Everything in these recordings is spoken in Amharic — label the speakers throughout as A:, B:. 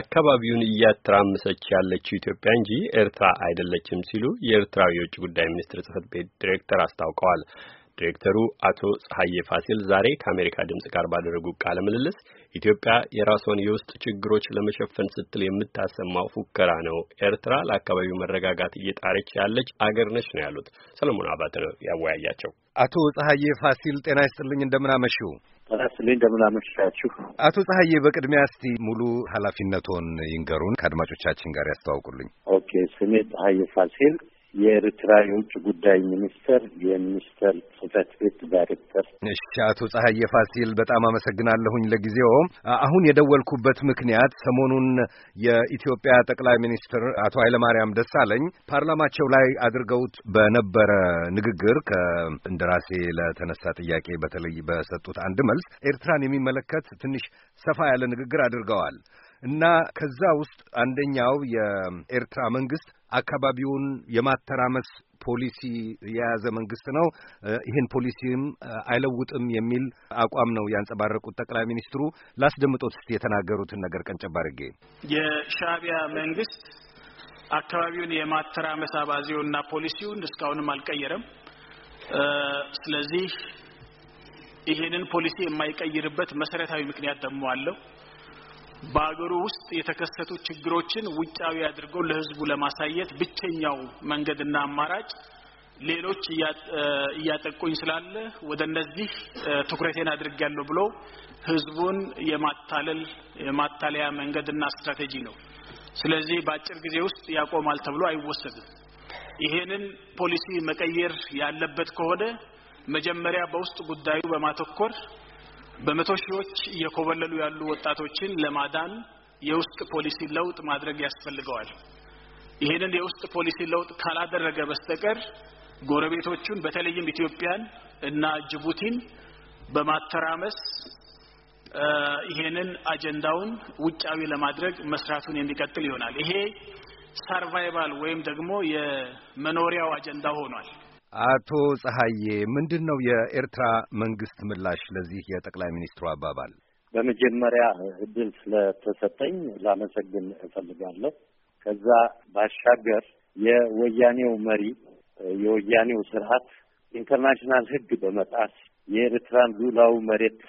A: አካባቢውን እያተራመሰች ያለችው ኢትዮጵያ እንጂ ኤርትራ አይደለችም ሲሉ የኤርትራ የውጭ ጉዳይ ሚኒስትር ጽህፈት ቤት ዲሬክተር አስታውቀዋል። ዲሬክተሩ አቶ ፀሐዬ ፋሲል ዛሬ ከአሜሪካ ድምጽ ጋር ባደረጉ ቃለ ምልልስ ኢትዮጵያ የራሷን የውስጥ ችግሮች ለመሸፈን ስትል የምታሰማው ፉከራ ነው፣ ኤርትራ ለአካባቢው መረጋጋት እየጣረች ያለች አገር ነች ነው ያሉት። ሰለሞን አባተ ነው ያወያያቸው።
B: አቶ ፀሐዬ ፋሲል ጤና ይስጥልኝ፣ እንደምናመሽው
A: ጤና እንደምናመሻችሁ።
B: አቶ ፀሐዬ በቅድሚያ እስቲ ሙሉ ኃላፊነቶን ይንገሩን፣ ከአድማጮቻችን ጋር ያስተዋውቁልኝ።
C: ኦኬ፣ ስሜ ፀሐዬ ፋሲል የኤርትራ የውጭ ጉዳይ ሚኒስተር የሚኒስተር ጽህፈት ቤት ዳይሬክተር። እሺ፣
B: አቶ ጸሐዬ ፋሲል በጣም አመሰግናለሁኝ። ለጊዜው አሁን የደወልኩበት ምክንያት ሰሞኑን የኢትዮጵያ ጠቅላይ ሚኒስትር አቶ ኃይለማርያም ደሳለኝ ፓርላማቸው ላይ አድርገውት በነበረ ንግግር ከእንደራሴ ለተነሳ ጥያቄ በተለይ በሰጡት አንድ መልስ ኤርትራን የሚመለከት ትንሽ ሰፋ ያለ ንግግር አድርገዋል እና ከዛ ውስጥ አንደኛው የኤርትራ መንግስት አካባቢውን የማተራመስ ፖሊሲ የያዘ መንግስት ነው። ይህን ፖሊሲም አይለውጥም የሚል አቋም ነው ያንጸባረቁት ጠቅላይ ሚኒስትሩ። ላስደምጦት እስቲ የተናገሩትን ነገር ቀንጨባርጌ
A: አድርጌ መንግስት አካባቢውን የማተራመስ አባዜውና ፖሊሲውን እስካሁንም አልቀየረም። ስለዚህ ይሄንን ፖሊሲ የማይቀይርበት መሰረታዊ ምክንያት ደግሞ አለው። በአገሩ ውስጥ የተከሰቱ ችግሮችን ውጫዊ አድርገው ለህዝቡ ለማሳየት ብቸኛው መንገድና አማራጭ ሌሎች እያጠቁኝ ስላለ ወደ እነዚህ ትኩረቴን ያለው ብሎ ህዝቡን የማታለል የማታለያ መንገድና ስትራቴጂ ነው። ስለዚህ በአጭር ጊዜ ውስጥ ያቆማል ተብሎ አይወሰድም። ይሄንን ፖሊሲ መቀየር ያለበት ከሆነ መጀመሪያ በውስጥ ጉዳዩ በማተኮር በመቶ ሺዎች እየኮበለሉ ያሉ ወጣቶችን ለማዳን የውስጥ ፖሊሲ ለውጥ ማድረግ ያስፈልገዋል። ይህንን የውስጥ ፖሊሲ ለውጥ ካላደረገ በስተቀር ጎረቤቶቹን በተለይም ኢትዮጵያን እና ጅቡቲን በማተራመስ ይሄንን አጀንዳውን ውጫዊ ለማድረግ መስራቱን የሚቀጥል ይሆናል። ይሄ ሰርቫይቫል ወይም ደግሞ የመኖሪያው አጀንዳ ሆኗል።
B: አቶ ፀሐዬ ምንድን ነው የኤርትራ መንግስት ምላሽ ለዚህ የጠቅላይ ሚኒስትሩ አባባል?
C: በመጀመሪያ እድል ስለተሰጠኝ ላመሰግን እፈልጋለሁ። ከዛ ባሻገር የወያኔው መሪ የወያኔው ስርዓት ኢንተርናሽናል ህግ በመጣስ የኤርትራን ሉዓላዊ መሬት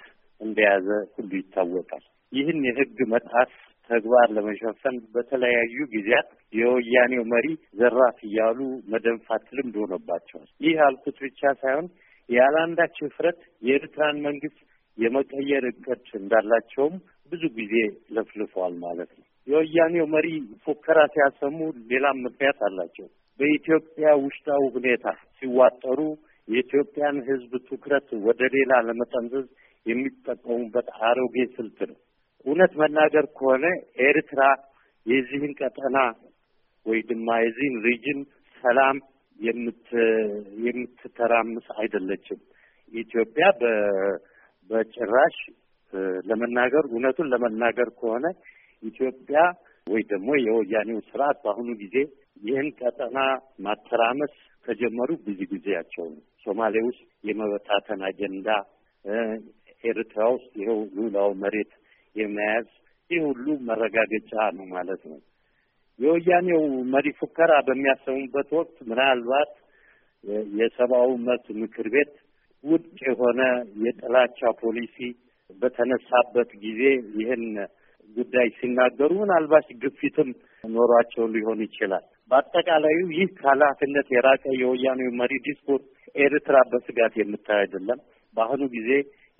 C: እንደያዘ ሁሉ ይታወቃል። ይህን የህግ መጣስ ተግባር ለመሸፈን በተለያዩ ጊዜያት የወያኔው መሪ ዘራፍ እያሉ መደንፋት ልምድ ሆኖባቸዋል። ይህ አልኩት ብቻ ሳይሆን ያለአንዳች እፍረት የኤርትራን መንግስት የመቀየር እቅድ እንዳላቸውም ብዙ ጊዜ ለፍልፈዋል ማለት ነው። የወያኔው መሪ ፉከራ ሲያሰሙ ሌላም ምክንያት አላቸው። በኢትዮጵያ ውስጣዊ ሁኔታ ሲዋጠሩ የኢትዮጵያን ሕዝብ ትኩረት ወደ ሌላ ለመጠምዘዝ የሚጠቀሙበት አሮጌ ስልት ነው። እውነት መናገር ከሆነ ኤርትራ የዚህን ቀጠና ወይ ድማ የዚህን ሪጅን ሰላም የምትተራምስ አይደለችም። ኢትዮጵያ በጭራሽ ለመናገር እውነቱን ለመናገር ከሆነ ኢትዮጵያ ወይ ደግሞ የወያኔው ስርዓት በአሁኑ ጊዜ ይህን ቀጠና ማተራመስ ከጀመሩ ብዙ ጊዜያቸው ነው። ሶማሌ ውስጥ የመበታተን አጀንዳ፣ ኤርትራ ውስጥ ይኸው ሉላው መሬት የመያዝ ይህ ሁሉ መረጋገጫ ነው ማለት ነው። የወያኔው መሪ ፉከራ በሚያሰሙበት ወቅት ምናልባት የሰብአዊ መብት ምክር ቤት ውድቅ የሆነ የጥላቻ ፖሊሲ በተነሳበት ጊዜ ይህን ጉዳይ ሲናገሩ ምናልባት ግፊትም ኖሯቸው ሊሆን ይችላል። በአጠቃላዩ ይህ ከኃላፊነት የራቀ የወያኔው መሪ ዲስኩር ኤርትራ በስጋት የምታይ አይደለም። በአሁኑ ጊዜ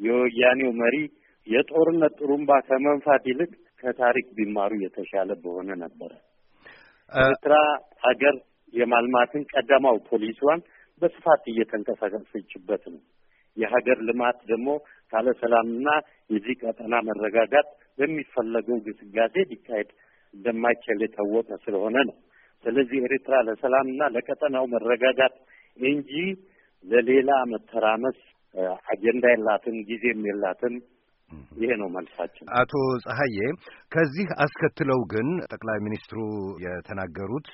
C: የወያኔው መሪ የጦርነት ጥሩምባ ከመንፋት ይልቅ ከታሪክ ቢማሩ የተሻለ በሆነ ነበረ። ኤርትራ ሀገር የማልማትን ቀዳማው ፖሊሲዋን በስፋት እየተንቀሳቀሰችበት ነው። የሀገር ልማት ደግሞ ካለ ሰላምና የዚህ ቀጠና መረጋጋት በሚፈለገው ግስጋሴ ሊካሄድ እንደማይችል የታወቀ ስለሆነ ነው። ስለዚህ ኤርትራ ለሰላምና ለቀጠናው መረጋጋት እንጂ ለሌላ መተራመስ አጀንዳ የላትም፣ ጊዜም የላትም። ይሄ ነው መልሳችን።
B: አቶ ጸሐዬ፣ ከዚህ አስከትለው ግን ጠቅላይ ሚኒስትሩ የተናገሩት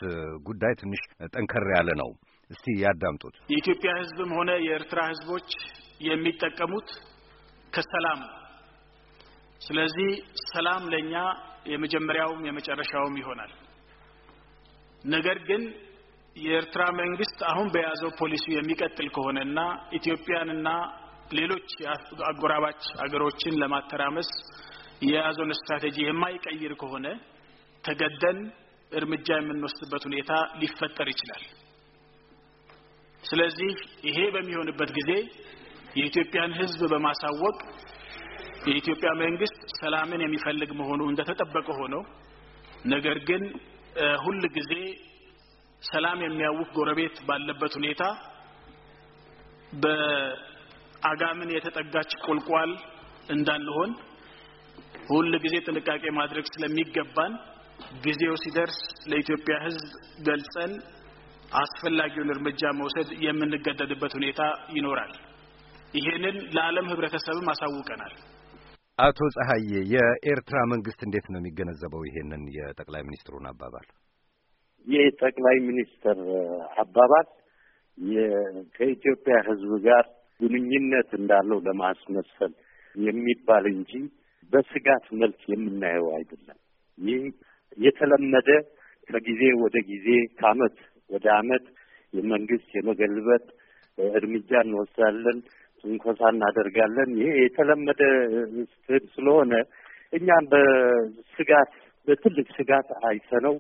B: ጉዳይ ትንሽ ጠንከር ያለ ነው። እስቲ ያዳምጡት።
A: የኢትዮጵያ ሕዝብም ሆነ የኤርትራ ሕዝቦች የሚጠቀሙት ከሰላም ስለዚህ ሰላም ለእኛ የመጀመሪያውም የመጨረሻውም ይሆናል። ነገር ግን የኤርትራ መንግስት አሁን በያዘው ፖሊሲ የሚቀጥል ከሆነና ኢትዮጵያንና ሌሎች አጎራባች አገሮችን ለማተራመስ የያዘውን ስትራቴጂ የማይቀይር ከሆነ ተገደን እርምጃ የምንወስድበት ሁኔታ ሊፈጠር ይችላል። ስለዚህ ይሄ በሚሆንበት ጊዜ የኢትዮጵያን ሕዝብ በማሳወቅ የኢትዮጵያ መንግስት ሰላምን የሚፈልግ መሆኑ እንደተጠበቀ ሆኖ ነገር ግን ሁል ጊዜ ሰላም የሚያውክ ጎረቤት ባለበት ሁኔታ አጋምን የተጠጋች ቁልቋል እንዳንሆን ሁል ጊዜ ጥንቃቄ ማድረግ ስለሚገባን ጊዜው ሲደርስ ለኢትዮጵያ ሕዝብ ገልጸን አስፈላጊውን እርምጃ መውሰድ የምንገደድበት ሁኔታ ይኖራል። ይሄንን ለዓለም ህብረተሰብም አሳውቀናል።
B: አቶ ፀሐዬ፣ የኤርትራ መንግስት እንዴት ነው የሚገነዘበው ይሄንን የጠቅላይ ሚኒስትሩን አባባል?
C: የጠቅላይ ሚኒስትር አባባል ከኢትዮጵያ ህዝብ ጋር ግንኙነት እንዳለው ለማስመሰል የሚባል እንጂ በስጋት መልክ የምናየው አይደለም። ይህ የተለመደ ከጊዜ ወደ ጊዜ ከአመት ወደ አመት የመንግስት የመገልበጥ እርምጃ እንወስዳለን፣ ትንኮሳ እናደርጋለን። ይሄ የተለመደ ስትል ስለሆነ እኛም በስጋት በትልቅ ስጋት አይተነው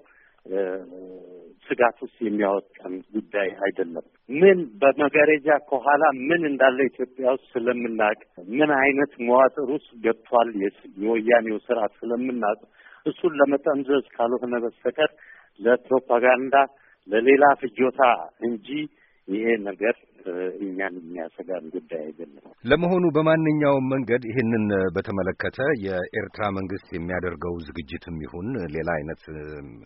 C: ስጋት ውስጥ የሚያወጣን ጉዳይ አይደለም። ምን በመጋረጃ ከኋላ ምን እንዳለ ኢትዮጵያ ውስጥ ስለምናውቅ ምን አይነት መዋጥር ውስጥ ገብቷል የወያኔው ስርዓት ስለምናውቅ እሱን ለመጠምዘዝ ካልሆነ በስተቀር ለፕሮፓጋንዳ ለሌላ ፍጆታ እንጂ ይሄ ነገር እኛን የሚያሰጋን ጉዳይ አይደለም።
B: ለመሆኑ በማንኛውም መንገድ ይህንን በተመለከተ የኤርትራ መንግስት የሚያደርገው ዝግጅትም ይሁን ሌላ አይነት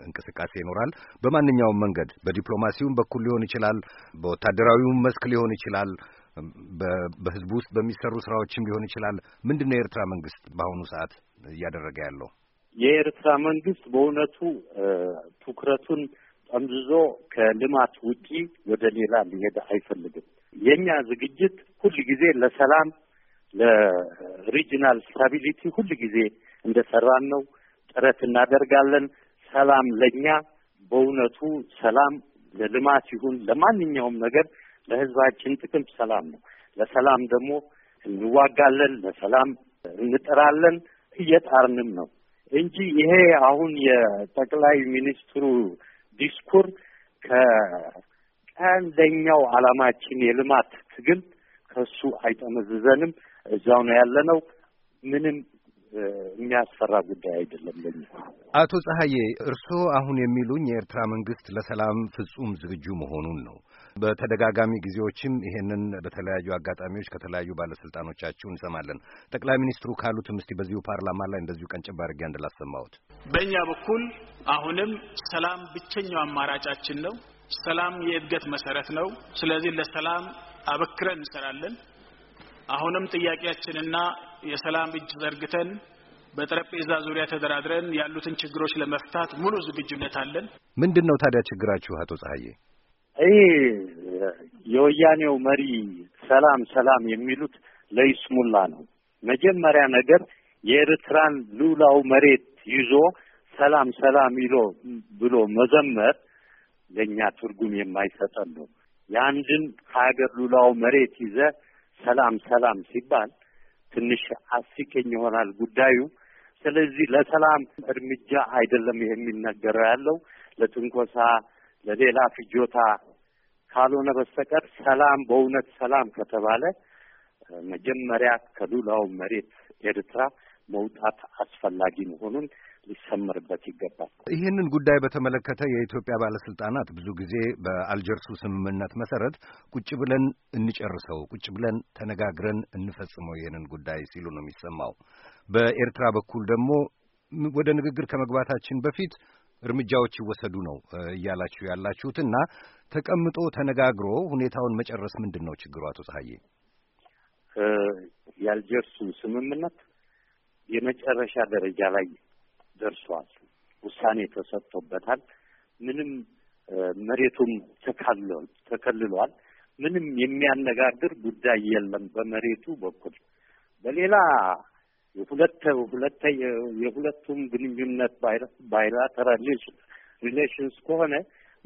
B: እንቅስቃሴ ይኖራል። በማንኛውም መንገድ በዲፕሎማሲውም በኩል ሊሆን ይችላል፣ በወታደራዊውም መስክ ሊሆን ይችላል፣ በህዝቡ ውስጥ በሚሰሩ ስራዎችም ሊሆን ይችላል። ምንድን ነው የኤርትራ መንግስት በአሁኑ ሰዓት እያደረገ ያለው?
C: የኤርትራ መንግስት በእውነቱ ትኩረቱን ጠምዝዞ ከልማት ውጪ ወደ ሌላ ሊሄድ አይፈልግም። የእኛ ዝግጅት ሁል ጊዜ ለሰላም ለሪጂናል ስታቢሊቲ ሁል ጊዜ እንደሰራን ነው። ጥረት እናደርጋለን። ሰላም ለእኛ በእውነቱ ሰላም ለልማት ይሁን ለማንኛውም ነገር ለህዝባችን ጥቅም ሰላም ነው። ለሰላም ደግሞ እንዋጋለን፣ ለሰላም እንጥራለን፣ እየጣርንም ነው እንጂ ይሄ አሁን የጠቅላይ ሚኒስትሩ ዲስኩር ከቀንደኛው ዓላማችን የልማት ትግል ከሱ አይጠመዝዘንም። እዛው ነው ያለነው። ምንም የሚያስፈራ ጉዳይ አይደለም ለኛ።
B: አቶ ፀሐዬ፣ እርስዎ አሁን የሚሉኝ የኤርትራ መንግስት ለሰላም ፍጹም ዝግጁ መሆኑን ነው። በተደጋጋሚ ጊዜዎችም ይሄንን በተለያዩ አጋጣሚዎች ከተለያዩ ባለስልጣኖቻችሁ እንሰማለን። ጠቅላይ ሚኒስትሩ ካሉትም እስቲ በዚሁ ፓርላማ ላይ እንደዚሁ ቀንጭብ አድርጌ አንድ
A: በእኛ በኩል አሁንም ሰላም ብቸኛው አማራጫችን ነው። ሰላም የእድገት መሰረት ነው። ስለዚህ ለሰላም አበክረን እንሰራለን። አሁንም ጥያቄያችንና የሰላም እጅ ዘርግተን በጠረጴዛ ዙሪያ ተደራድረን ያሉትን ችግሮች ለመፍታት ሙሉ ዝግጁነት አለን።
B: ምንድን ነው ታዲያ ችግራችሁ አቶ ፀሐዬ?
A: ይህ
C: የወያኔው መሪ ሰላም ሰላም የሚሉት ለይስሙላ ነው። መጀመሪያ ነገር የኤርትራን ሉላው መሬት ይዞ ሰላም ሰላም ይሎ ብሎ መዘመር ለእኛ ትርጉም የማይሰጠን ነው። የአንድን ሀገር ሉላው መሬት ይዘ ሰላም ሰላም ሲባል ትንሽ አስቂኝ ይሆናል ጉዳዩ። ስለዚህ ለሰላም እርምጃ አይደለም ይሄ የሚነገረው ያለው ለትንኮሳ ለሌላ ፍጆታ ካልሆነ በስተቀር ሰላም በእውነት ሰላም ከተባለ መጀመሪያ ከሉላው መሬት ኤርትራ መውጣት አስፈላጊ መሆኑን ሊሰመርበት ይገባል።
B: ይህንን ጉዳይ በተመለከተ የኢትዮጵያ ባለስልጣናት ብዙ ጊዜ በአልጀርሱ ስምምነት መሰረት ቁጭ ብለን እንጨርሰው፣ ቁጭ ብለን ተነጋግረን እንፈጽመው ይህንን ጉዳይ ሲሉ ነው የሚሰማው። በኤርትራ በኩል ደግሞ ወደ ንግግር ከመግባታችን በፊት እርምጃዎች ይወሰዱ ነው እያላችሁ ያላችሁት እና ተቀምጦ ተነጋግሮ ሁኔታውን መጨረስ ምንድን ነው ችግሩ? አቶ ፀሐዬ፣
C: የአልጀርሱ ስምምነት የመጨረሻ ደረጃ ላይ ደርሷል። ውሳኔ ተሰጥቶበታል። ምንም መሬቱም ተከልሏል። ምንም የሚያነጋግር ጉዳይ የለም በመሬቱ በኩል በሌላ ሁለተ ሁለተ የሁለቱም ግንኙነት ባይላተራል ሪሌሽንስ ከሆነ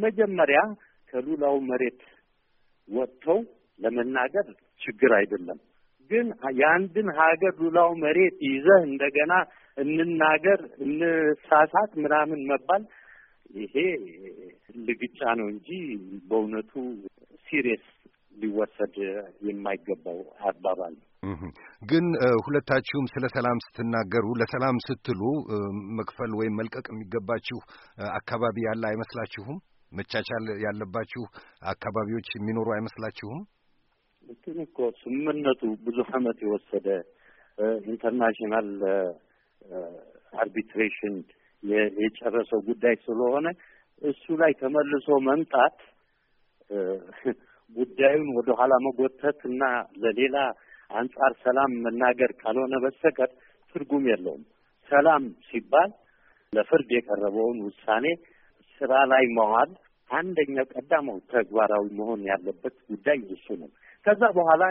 C: መጀመሪያ ከሉላው መሬት ወጥተው ለመናገር ችግር አይደለም። ግን የአንድን ሀገር ሉላው መሬት ይዘህ እንደገና እንናገር፣ እንሳሳት ምናምን መባል ይሄ ልግጫ ነው እንጂ በእውነቱ ሲሪየስ ሊወሰድ የማይገባው አባባል ነው።
B: ግን ሁለታችሁም ስለ ሰላም ስትናገሩ ለሰላም ስትሉ መክፈል ወይም መልቀቅ የሚገባችሁ አካባቢ ያለ አይመስላችሁም? መቻቻል ያለባችሁ አካባቢዎች የሚኖሩ አይመስላችሁም?
C: ግን እኮ ስምምነቱ ብዙ ዓመት የወሰደ ኢንተርናሽናል አርቢትሬሽን የጨረሰው ጉዳይ ስለሆነ እሱ ላይ ተመልሶ መምጣት ጉዳዩን ወደኋላ መጎተት እና ለሌላ አንጻር ሰላም መናገር ካልሆነ በስተቀር ትርጉም የለውም። ሰላም ሲባል ለፍርድ የቀረበውን ውሳኔ ስራ ላይ መዋል አንደኛው ቀዳማው ተግባራዊ መሆን ያለበት ጉዳይ እሱ ነው። ከዛ በኋላ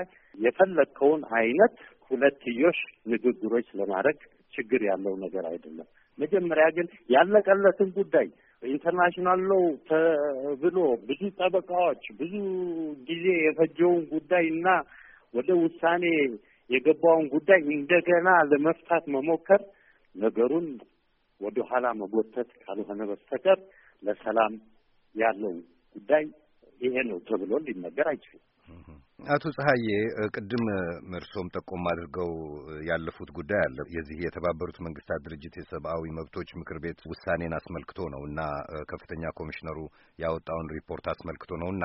C: የፈለግከውን አይነት ሁለትዮሽ ንግግሮች ለማድረግ ችግር ያለው ነገር አይደለም። መጀመሪያ ግን ያለቀለትን ጉዳይ ኢንተርናሽናል ሎው ተብሎ ብዙ ጠበቃዎች ብዙ ጊዜ የፈጀውን ጉዳይ እና ወደ ውሳኔ የገባውን ጉዳይ እንደገና ለመፍታት መሞከር ነገሩን ወደ ኋላ መጎተት ካልሆነ በስተቀር ለሰላም ያለው ጉዳይ ይሄ ነው ተብሎ ሊነገር አይችልም።
B: አቶ ፀሐዬ ቅድም እርሶም ጠቆም አድርገው ያለፉት ጉዳይ አለ። የዚህ የተባበሩት መንግስታት ድርጅት የሰብአዊ መብቶች ምክር ቤት ውሳኔን አስመልክቶ ነው እና ከፍተኛ ኮሚሽነሩ ያወጣውን ሪፖርት አስመልክቶ ነው እና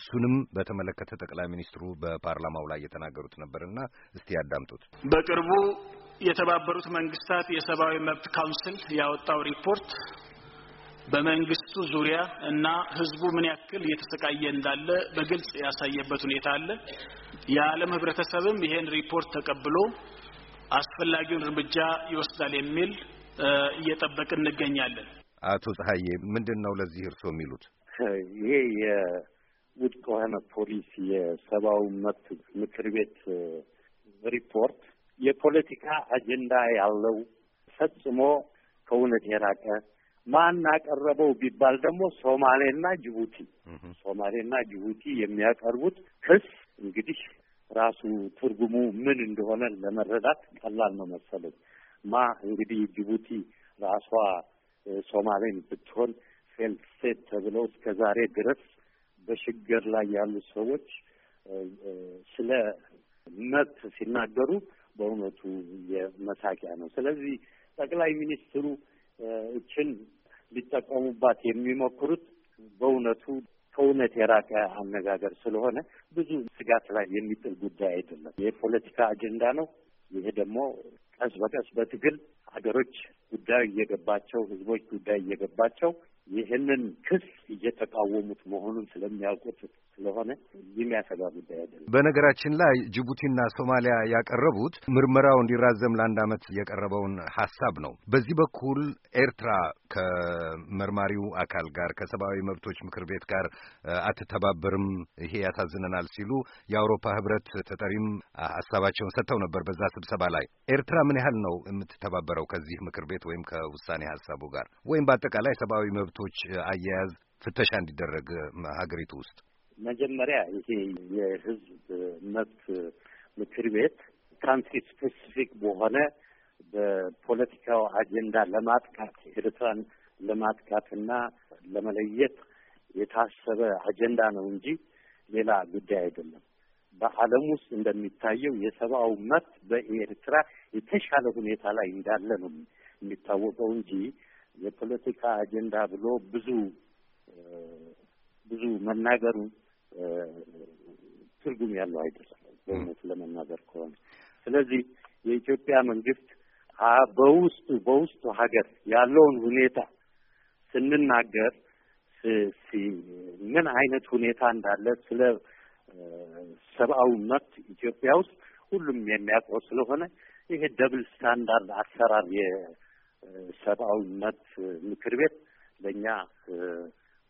B: እሱንም በተመለከተ ጠቅላይ ሚኒስትሩ በፓርላማው ላይ የተናገሩት ነበር እና እስቲ ያዳምጡት።
A: በቅርቡ የተባበሩት መንግስታት የሰብአዊ መብት ካውንስል ያወጣው ሪፖርት በመንግስቱ ዙሪያ እና ህዝቡ ምን ያክል እየተሰቃየ እንዳለ በግልጽ ያሳየበት ሁኔታ አለ። የዓለም ህብረተሰብም ይሄን ሪፖርት ተቀብሎ አስፈላጊውን እርምጃ ይወስዳል የሚል እየጠበቅ እንገኛለን።
B: አቶ ፀሐዬ ምንድን ነው ለዚህ እርስዎ የሚሉት?
A: ይሄ የውድቅ
C: የሆነ ፖሊስ የሰብአዊ መብት ምክር ቤት ሪፖርት የፖለቲካ አጀንዳ ያለው ፈጽሞ ከእውነት የራቀ ማን አቀረበው ቢባል ደግሞ ሶማሌና ጅቡቲ ሶማሌና ጅቡቲ የሚያቀርቡት ክስ እንግዲህ ራሱ ትርጉሙ ምን እንደሆነ ለመረዳት ቀላል ነው መሰለኝ። ማ እንግዲህ ጅቡቲ ራሷ ሶማሌን ብትሆን ፌልድ ስቴት ተብለው እስከ ዛሬ ድረስ በሽግር ላይ ያሉ ሰዎች ስለ መብት ሲናገሩ በእውነቱ የመሳቂያ ነው። ስለዚህ ጠቅላይ ሚኒስትሩ እችን ሊጠቀሙባት የሚሞክሩት በእውነቱ ከእውነት የራቀ አነጋገር ስለሆነ ብዙ ስጋት ላይ የሚጥል ጉዳይ አይደለም። የፖለቲካ አጀንዳ ነው። ይሄ ደግሞ ቀስ በቀስ በትግል ሀገሮች ጉዳዩ እየገባቸው፣ ህዝቦች ጉዳይ እየገባቸው ይህንን ክስ እየተቃወሙት መሆኑን ስለሚያውቁት ስለሆነ የሚያሰጋ ጉዳይ አይደለም።
B: በነገራችን ላይ ጅቡቲና ሶማሊያ ያቀረቡት ምርመራው እንዲራዘም ለአንድ ዓመት የቀረበውን ሀሳብ ነው። በዚህ በኩል ኤርትራ ከመርማሪው አካል ጋር ከሰብአዊ መብቶች ምክር ቤት ጋር አትተባበርም፣ ይሄ ያሳዝነናል ሲሉ የአውሮፓ ህብረት ተጠሪም ሀሳባቸውን ሰጥተው ነበር በዛ ስብሰባ ላይ። ኤርትራ ምን ያህል ነው የምትተባበረው ከዚህ ምክር ቤት ወይም ከውሳኔ ሀሳቡ ጋር ወይም በአጠቃላይ ሰብአዊ መብቶች አያያዝ ፍተሻ እንዲደረግ ሀገሪቱ ውስጥ
C: መጀመሪያ ይሄ የህዝብ መብት ምክር ቤት ካንትሪ ስፔሲፊክ በሆነ በፖለቲካው አጀንዳ ለማጥቃት ኤርትራን ለማጥቃትና ለመለየት የታሰበ አጀንዳ ነው እንጂ ሌላ ጉዳይ አይደለም። በዓለም ውስጥ እንደሚታየው የሰብአዊ መብት በኤርትራ የተሻለ ሁኔታ ላይ እንዳለ ነው የሚታወቀው እንጂ የፖለቲካ አጀንዳ ብሎ ብዙ ብዙ መናገሩ ትርጉም ያለው አይደለም በእውነት ለመናገር ከሆነ። ስለዚህ የኢትዮጵያ መንግስት በውስጡ በውስጡ ሀገር ያለውን ሁኔታ ስንናገር ምን አይነት ሁኔታ እንዳለ ስለ ሰብአዊ መብት ኢትዮጵያ ውስጥ ሁሉም የሚያውቀው ስለሆነ ይሄ ደብል ስታንዳርድ አሰራር የሰብአዊ መብት ምክር ቤት ለእኛ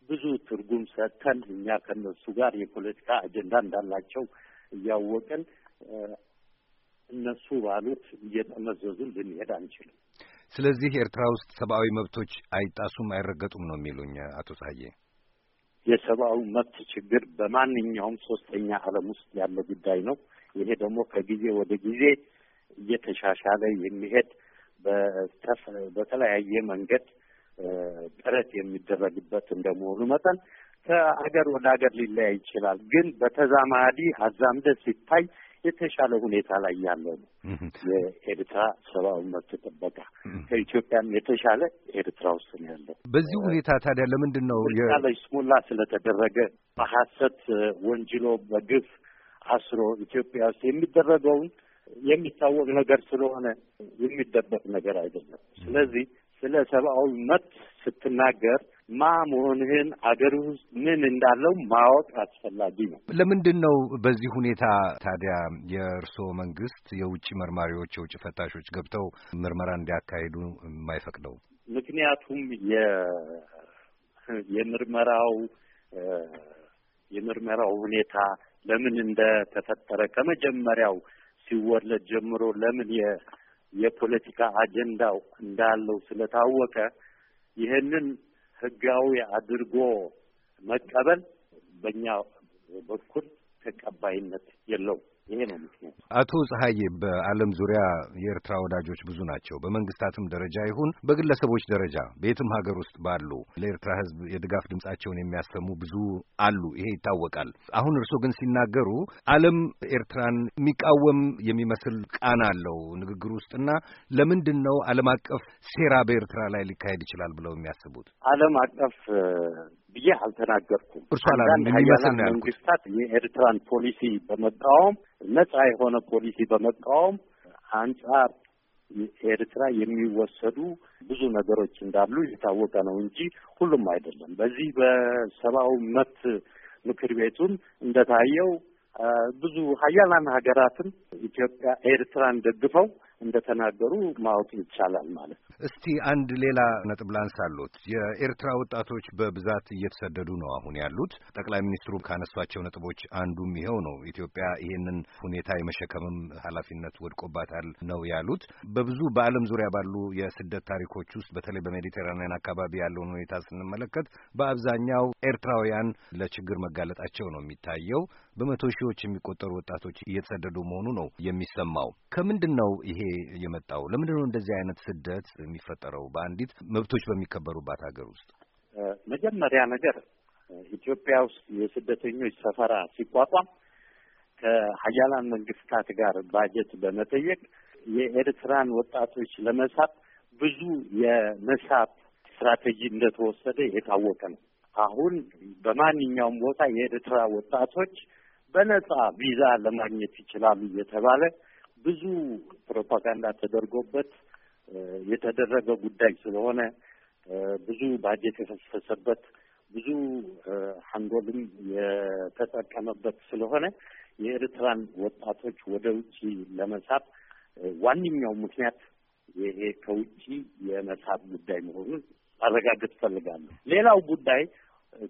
C: ብዙ ትርጉም ሰጥተን እኛ ከነሱ ጋር የፖለቲካ አጀንዳ እንዳላቸው እያወቅን እነሱ ባሉት እየጠመዘዙን ልንሄድ አንችልም።
B: ስለዚህ ኤርትራ ውስጥ ሰብአዊ መብቶች አይጣሱም፣ አይረገጡም ነው የሚሉኝ አቶ ሳዬ?
C: የሰብአዊ መብት ችግር በማንኛውም ሶስተኛ ዓለም ውስጥ ያለ ጉዳይ ነው። ይሄ ደግሞ ከጊዜ ወደ ጊዜ እየተሻሻለ የሚሄድ በተለያየ መንገድ ጥረት የሚደረግበት እንደመሆኑ መጠን ከአገር ወደ ሀገር ሊለያይ ይችላል። ግን በተዛማዲ አዛምደ ሲታይ የተሻለ ሁኔታ ላይ ያለው ነው። የኤርትራ ሰብአዊ መብት ጥበቃ ከኢትዮጵያም የተሻለ ኤርትራ ውስጥ ነው ያለው። በዚህ ሁኔታ
B: ታዲያ ለምንድን ነው
C: ስሙላ ስለተደረገ በሀሰት ወንጅሎ በግፍ አስሮ ኢትዮጵያ ውስጥ የሚደረገውን የሚታወቅ ነገር ስለሆነ የሚደበቅ ነገር አይደለም። ስለዚህ ስለ ሰብአዊ መብት ስትናገር ማ መሆንህን አገር ውስጥ ምን እንዳለው ማወቅ አስፈላጊ ነው።
B: ለምንድን ነው በዚህ ሁኔታ ታዲያ የእርስዎ መንግስት የውጭ መርማሪዎች፣ የውጭ ፈታሾች ገብተው ምርመራ እንዲያካሄዱ የማይፈቅደው?
C: ምክንያቱም የምርመራው የምርመራው ሁኔታ ለምን እንደተፈጠረ ከመጀመሪያው ሲወለድ ጀምሮ ለምን የፖለቲካ አጀንዳው እንዳለው ስለታወቀ ይህንን ህጋዊ አድርጎ መቀበል በእኛ በኩል ተቀባይነት የለውም። ይሄ ነው
B: አቶ ፀሐይ፣ በዓለም ዙሪያ የኤርትራ ወዳጆች ብዙ ናቸው። በመንግስታትም ደረጃ ይሁን በግለሰቦች ደረጃ በየትም ሀገር ውስጥ ባሉ ለኤርትራ ሕዝብ የድጋፍ ድምጻቸውን የሚያሰሙ ብዙ አሉ። ይሄ ይታወቃል። አሁን እርስዎ ግን ሲናገሩ ዓለም ኤርትራን የሚቃወም የሚመስል ቃና አለው ንግግር ውስጥና ለምንድን ነው ዓለም አቀፍ ሴራ በኤርትራ ላይ ሊካሄድ ይችላል ብለው
C: የሚያስቡት? ዓለም አቀፍ ብዬ አልተናገርኩም። እርሱ መንግስታት የኤርትራን ፖሊሲ በመቃወም ነጻ የሆነ ፖሊሲ በመቃወም አንጻር ኤርትራ የሚወሰዱ ብዙ ነገሮች እንዳሉ የታወቀ ነው እንጂ ሁሉም አይደለም። በዚህ በሰብአዊ መብት ምክር ቤቱም እንደታየው ብዙ ሀያላን ሀገራትም ኢትዮጵያ ኤርትራን ደግፈው እንደተናገሩ ማወቅ ይቻላል ማለት ነው።
B: እስቲ አንድ ሌላ ነጥብ ላንሳሉት። አሉት። የኤርትራ ወጣቶች በብዛት እየተሰደዱ ነው አሁን ያሉት። ጠቅላይ ሚኒስትሩ ካነሷቸው ነጥቦች አንዱም ይኸው ነው። ኢትዮጵያ ይህንን ሁኔታ የመሸከምም ኃላፊነት ወድቆባታል ነው ያሉት። በብዙ በዓለም ዙሪያ ባሉ የስደት ታሪኮች ውስጥ በተለይ በሜዲቴራንያን አካባቢ ያለውን ሁኔታ ስንመለከት በአብዛኛው ኤርትራውያን ለችግር መጋለጣቸው ነው የሚታየው። በመቶ ሺዎች የሚቆጠሩ ወጣቶች እየተሰደዱ መሆኑ ነው የሚሰማው። ከምንድን ነው ይሄ የመጣው? ለምንድን ነው እንደዚህ አይነት ስደት የሚፈጠረው በአንዲት መብቶች በሚከበሩባት ሀገር ውስጥ?
C: መጀመሪያ ነገር ኢትዮጵያ ውስጥ የስደተኞች ሰፈራ ሲቋቋም ከሀያላን መንግስታት ጋር ባጀት በመጠየቅ የኤርትራን ወጣቶች ለመሳብ ብዙ የመሳብ ስትራቴጂ እንደተወሰደ የታወቀ ነው። አሁን በማንኛውም ቦታ የኤርትራ ወጣቶች በነጻ ቪዛ ለማግኘት ይችላሉ እየተባለ ብዙ ፕሮፓጋንዳ ተደርጎበት የተደረገ ጉዳይ ስለሆነ ብዙ ባጀት የፈሰሰበት ብዙ ሀንጎልም የተጠቀመበት ስለሆነ የኤርትራን ወጣቶች ወደ ውጭ ለመሳብ ዋነኛው ምክንያት ይሄ ከውጭ የመሳብ ጉዳይ መሆኑን ማረጋገጥ ፈልጋለሁ። ሌላው ጉዳይ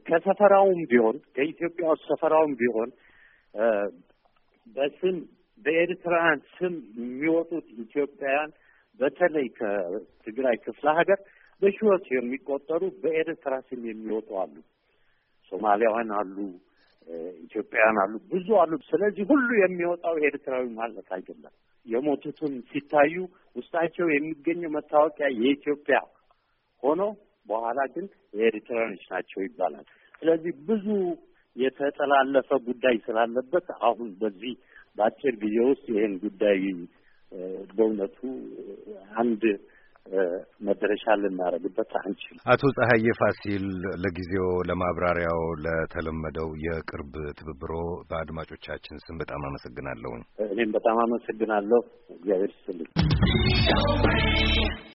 C: ከሰፈራውም ቢሆን ከኢትዮጵያ ውስጥ ሰፈራውም ቢሆን በስም በኤርትራውያን ስም የሚወጡት ኢትዮጵያውያን በተለይ ከትግራይ ክፍለ ሀገር በሺዎች የሚቆጠሩ በኤርትራ ስም የሚወጡ አሉ። ሶማሊያውያን አሉ፣ ኢትዮጵያውያን አሉ፣ ብዙ አሉ። ስለዚህ ሁሉ የሚወጣው ኤርትራዊ ማለት አይደለም። የሞቱትም ሲታዩ ውስጣቸው የሚገኘው መታወቂያ የኢትዮጵያ ሆኖ በኋላ ግን የኤርትራኖች ናቸው ይባላል። ስለዚህ ብዙ የተጠላለፈ ጉዳይ ስላለበት አሁን በዚህ በአጭር ጊዜ ውስጥ ይህን ጉዳይ በእውነቱ አንድ መድረሻ ልናደርግበት አንችል።
B: አቶ ፀሐዬ ፋሲል ለጊዜው ለማብራሪያው፣ ለተለመደው የቅርብ ትብብሮ በአድማጮቻችን ስም በጣም አመሰግናለሁኝ።
C: እኔም በጣም አመሰግናለሁ።
B: እግዚአብሔር ይስጥልኝ።